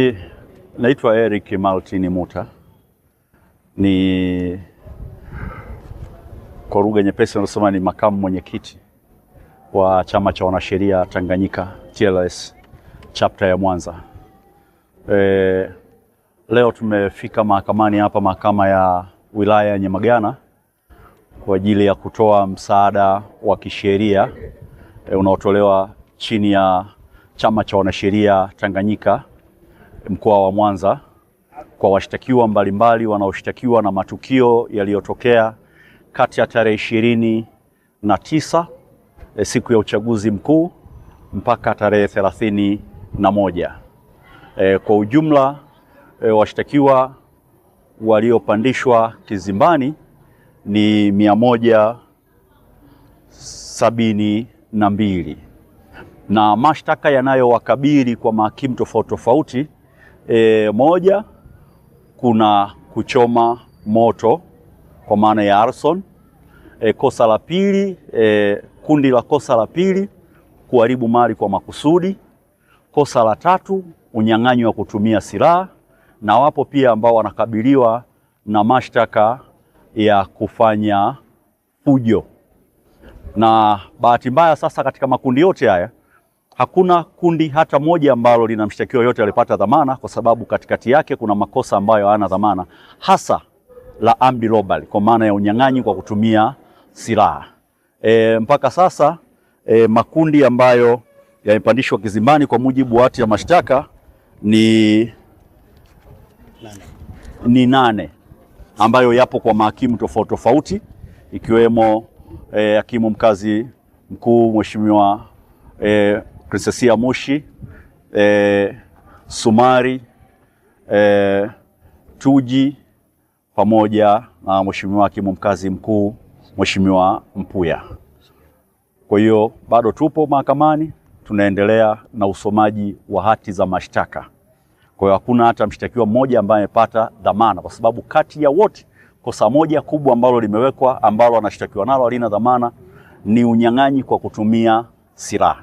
E, naitwa Eric Maltin Muta, ni kwa lugha nyepesi nasema ni makamu mwenyekiti wa chama cha wanasheria Tanganyika TLS chapter ya Mwanza. E, leo tumefika mahakamani hapa mahakama ya wilaya ya Nyamagana kwa ajili ya kutoa msaada wa kisheria e, unaotolewa chini ya chama cha wanasheria Tanganyika mkoa wa Mwanza kwa washtakiwa mbalimbali wanaoshtakiwa na matukio yaliyotokea kati ya tarehe ishirini na tisa eh, siku ya uchaguzi mkuu mpaka tarehe thelathini na moja. E, kwa ujumla e, washtakiwa waliopandishwa kizimbani ni mia moja sabini na mbili na mashtaka yanayowakabili kwa mahakimu tofauti tofauti E, moja kuna kuchoma moto kwa maana ya arson. E, kosa la pili e, kundi la kosa la pili kuharibu mali kwa makusudi. Kosa la tatu unyang'anyi wa kutumia silaha, na wapo pia ambao wanakabiliwa na mashtaka ya kufanya fujo. Na bahati mbaya sasa, katika makundi yote haya Hakuna kundi hata moja ambalo lina mshtakiwa yote alipata dhamana, kwa sababu katikati yake kuna makosa ambayo hayana dhamana, hasa la amri robbery kwa maana ya unyang'anyi kwa kutumia silaha. E, mpaka sasa e, makundi ambayo yamepandishwa kizimbani kwa mujibu wa hati ya mashtaka ni ni nane ambayo yapo kwa mahakimu tofauti tofauti ikiwemo e, hakimu e, mkazi mkuu mheshimiwa e, Princessia Moshi e, eh, Sumari e, Tuji pamoja na Mheshimiwa kimu Mkazi Mkuu Mheshimiwa Mpuya. Kwa hiyo bado tupo mahakamani tunaendelea na usomaji wa hati za mashtaka. Kwa hiyo hakuna hata mshtakiwa mmoja ambaye amepata dhamana, kwa sababu kati ya wote kosa moja kubwa ambalo limewekwa ambalo anashtakiwa nalo halina dhamana ni unyang'anyi kwa kutumia silaha.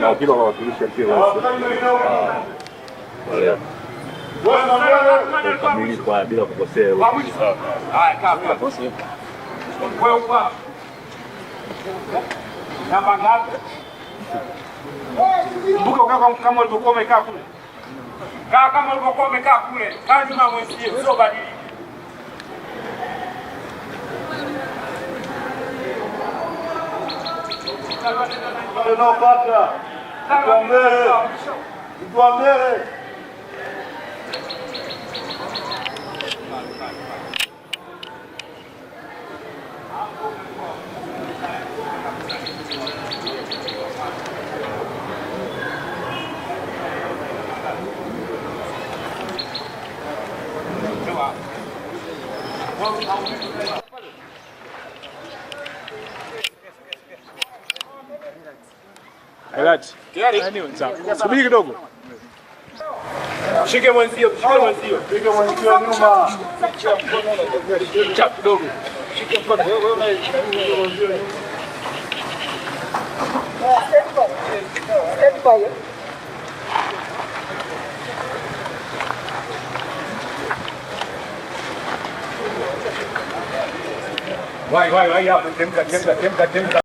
na wakiwa wanawakilisha mpira kamili kwa bila kukosea. Namba ngapi? kama ulivyokuwa umekaa kule, kaa kama ulivyokuwa umekaa kule, kaa nyuma mwenzie, sio badili Cleópatra, Iguambere, Iguambere. Thank you. Elaji. Subiri kidogo. Shike mwenzio, shike mwenzio. Shike mwenzio nyuma. Chap kidogo. Shike mkono. Wewe una shike mwenzio nyuma. Stand by. Wai, wai, wai, ya, temka, temka, temka, temka.